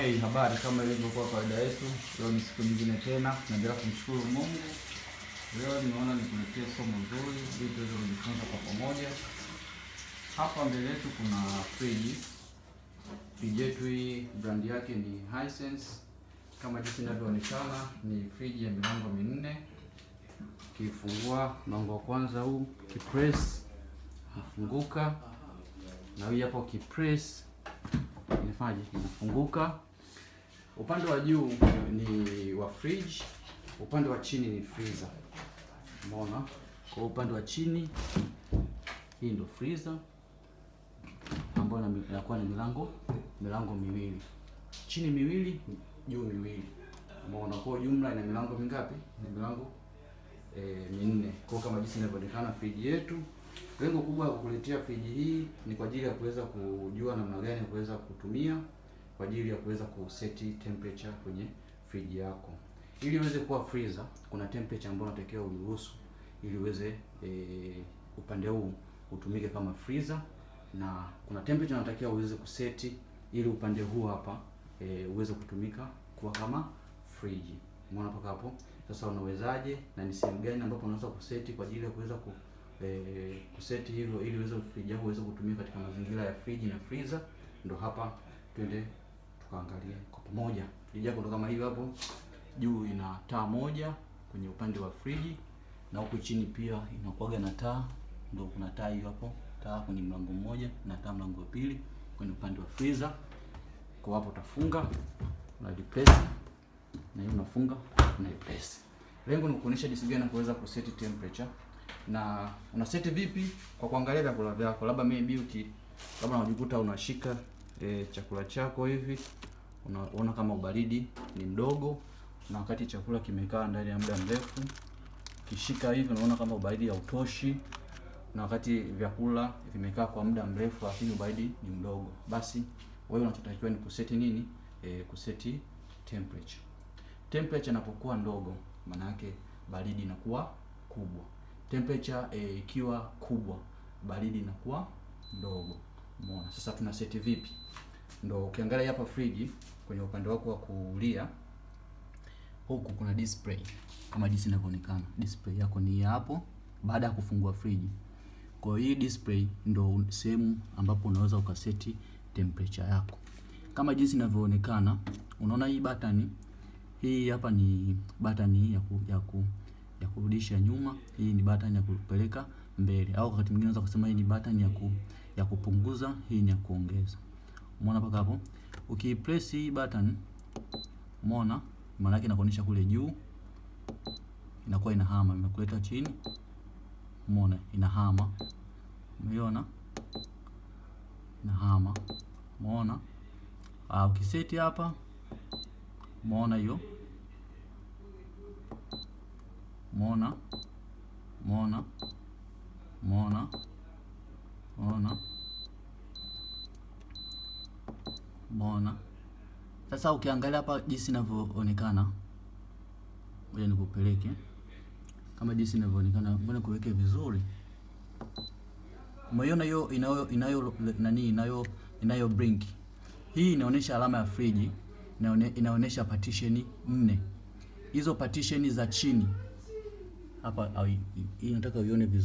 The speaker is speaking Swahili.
Hey, habari kama ilivyokuwa kawaida yetu, leo ni siku nyingine tena naendelea kumshukuru Mungu. Leo nimeona nikuletea somo nzuri ili tuweze kujifunza kwa pamoja. Hapa mbele yetu kuna friji. Friji yetu hii brand yake ni Hisense. Kama jinsi inavyoonekana ni friji ya milango minne. Ukifungua mlango wa kwanza huu, kipress nafunguka, na hii hapo kipress inafanyaje? Inafunguka. Upande wa juu ni wa fridge, upande wa chini ni freezer. Umeona? Kwa upande wa chini hii ndio freezer ambayo inakuwa na milango milango miwili, chini miwili, juu miwili. Umeona? Kwa jumla ina milango mingapi? Ni milango e, minne. Kwa kama jinsi inavyoonekana fridge yetu. Lengo kubwa la kukuletea fridge hii ni kwa ajili ya kuweza kujua namna gani ya kuweza kutumia kwa ajili ya kuweza kuseti temperature kwenye friji yako. Ili iweze kuwa freezer, kuna temperature ambayo unatakiwa uruhusu ili uweze e, upande huu utumike kama freezer, na kuna temperature unatakiwa uweze kuseti ili upande huu hapa e, uweze kutumika kuwa kama friji. Umeona paka hapo? Sasa unawezaje na ni sehemu gani ambapo unaweza kuseti kwa ajili ya kuweza ku, e, kuseti hivyo ili uweze friji yako uweze kutumika katika mazingira ya friji na freezer? Ndo hapa tuende tukaangalia kwa pamoja. Friji yako ndo kama hivi hapo, juu ina taa moja kwenye upande wa friji na huku chini pia inakuwaga na taa, ndio kuna taa hiyo hapo, taa kwenye mlango mmoja na taa mlango wa pili kwenye upande wa freezer. Kwa hapo utafunga na replace na hiyo unafunga na replace. Lengo ni kuonyesha jinsi gani unaweza kuseti temperature na una set vipi kwa kuangalia vyakula vyako, labda maybe uki labda unajikuta unashika e, chakula chako hivi unaona kama ubaridi ni mdogo, na wakati chakula kimekaa ndani ya muda mrefu, kishika hivi unaona kama ubaridi hautoshi, na wakati vyakula vimekaa kwa muda mrefu, lakini ubaridi ni mdogo, basi wewe unachotakiwa ni kuseti nini? E, kuseti temperature. Temperature inapokuwa ndogo, maana yake baridi inakuwa kubwa. Temperature e, ikiwa kubwa, baridi inakuwa ndogo. Umeona? Sasa tuna seti vipi? Ndio ukiangalia hapa friji kwenye upande wako wa kulia huku kuna display kama jinsi inavyoonekana. Display yako ni hapo baada ya kufungua friji. Kwa hii display ndo sehemu ambapo unaweza ukaseti temperature yako. Kama jinsi inavyoonekana, unaona hii button hii hapa ni button ya ku, ya ku, ya kurudisha nyuma, hii ni button ya kupeleka mbele, au wakati mwingine unaweza kusema hii ni button ya, ku, ya kupunguza, hii ni ya kuongeza. Umeona mpaka hapo? Ukipress hii button, umeona maana yake inakuonyesha kule juu, inakuwa inahama, imekuleta chini. Umeona inahama, umeona inahama, umeona. Ah, ukiseti hapa, umeona hiyo, umeona, umeona Umeona, umeona, umeona. Sasa ukiangalia hapa jinsi inavyoonekana, ngoja nikupeleke kama jinsi inavyoonekana, mbona kuweke vizuri. Umeona hiyo inayo inayo nani inayo inayo blink. Hii inaonyesha alama ya friji, inaonyesha partition nne. Hizo partition za chini hapa, hii uione vizuri.